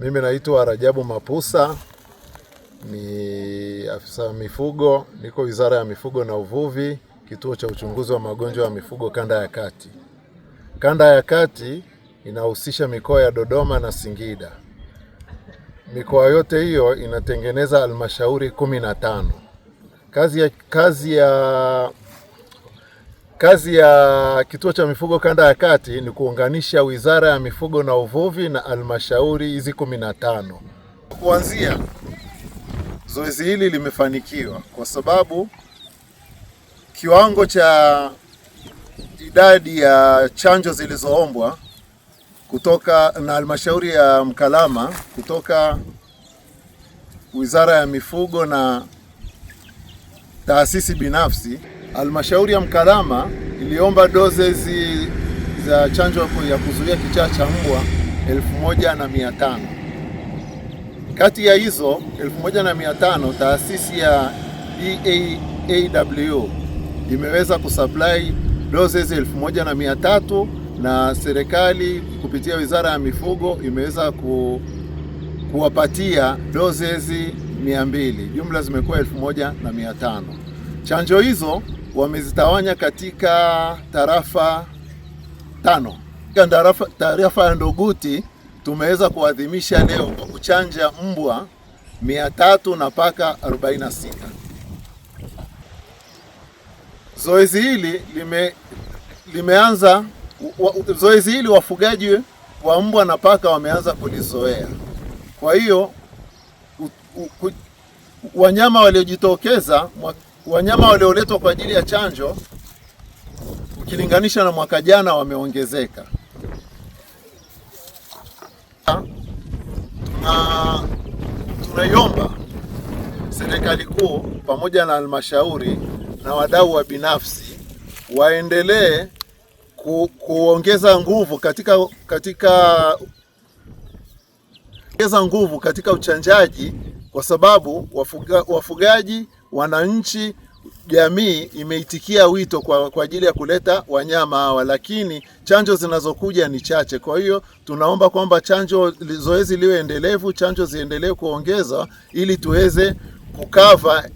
Mimi naitwa Rajabu Mapusa, ni afisa mifugo, niko Wizara ya Mifugo na Uvuvi, kituo cha uchunguzi wa magonjwa ya mifugo kanda ya kati. Kanda ya kati inahusisha mikoa ya Dodoma na Singida. Mikoa yote hiyo inatengeneza halmashauri kumi na tano. Kazi ya, kazi ya Kazi ya Kituo cha Mifugo Kanda ya Kati ni kuunganisha Wizara ya Mifugo na Uvuvi na halmashauri hizi kumi na tano. Kuanzia zoezi hili limefanikiwa kwa sababu kiwango cha idadi ya chanjo zilizoombwa kutoka na halmashauri ya Mkalama kutoka Wizara ya Mifugo na taasisi binafsi Halmashauri ya Mkalama iliomba dozezi za chanjo ya kuzuia kichaa cha mbwa elfu moja na mia tano. Kati ya hizo elfu moja na mia tano taasisi ya EAAW imeweza kusupply doses elfu moja na mia tatu na serikali kupitia Wizara ya Mifugo imeweza ku, kuwapatia doses mia mbili. Jumla zimekuwa elfu moja na mia tano. Chanjo hizo wamezitawanya katika tarafa tano. Tarafa, tarafa ya Nduguti tumeweza kuadhimisha leo kwa kuchanja mbwa mia tatu na paka 46. Zoezi hili lime, limeanza zoezi hili wafugaji wa mbwa na paka wameanza kulizoea. Kwa hiyo u, u, u, wanyama waliojitokeza wanyama walioletwa kwa ajili ya chanjo ukilinganisha na mwaka jana wameongezeka. Na tunaiomba serikali kuu pamoja na halmashauri na wadau wa binafsi waendelee ku, kuongeza nguvu katika katika ongeza nguvu katika uchanjaji kwa sababu wafuga, wafugaji wananchi jamii imeitikia wito kwa, kwa ajili ya kuleta wanyama hawa, lakini chanjo zinazokuja ni chache. Kwa hiyo tunaomba kwamba chanjo zoezi liwe endelevu, chanjo ziendelee kuongezwa ili tuweze kukava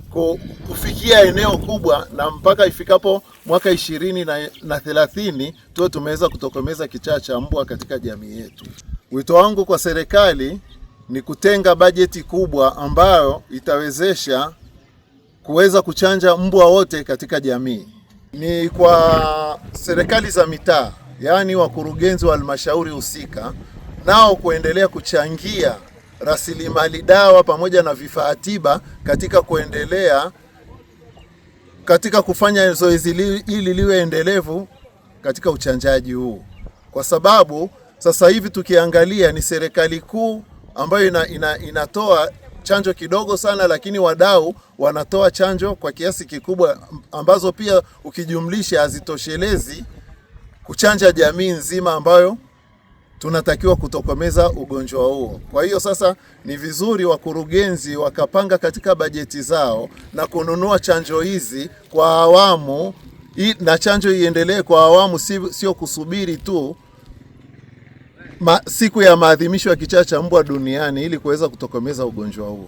kufikia eneo kubwa, na mpaka ifikapo mwaka ishirini na, na thelathini tuwe tumeweza kutokomeza kichaa cha mbwa katika jamii yetu. Wito wangu kwa serikali ni kutenga bajeti kubwa ambayo itawezesha kuweza kuchanja mbwa wote katika jamii. Ni kwa serikali za mitaa, yaani wakurugenzi wa halmashauri husika, nao kuendelea kuchangia rasilimali dawa pamoja na vifaa tiba katika kuendelea katika kufanya zoezi ili liwe endelevu katika uchanjaji huu, kwa sababu sasa hivi tukiangalia ni serikali kuu ambayo ina, ina, inatoa chanjo kidogo sana, lakini wadau wanatoa chanjo kwa kiasi kikubwa ambazo pia ukijumlisha hazitoshelezi kuchanja jamii nzima ambayo tunatakiwa kutokomeza ugonjwa huo. Kwa hiyo sasa ni vizuri wakurugenzi wakapanga katika bajeti zao na kununua chanjo hizi kwa awamu, na chanjo iendelee kwa awamu, sio kusubiri tu ma, siku ya maadhimisho ya kichaa cha mbwa duniani ili kuweza kutokomeza ugonjwa huo.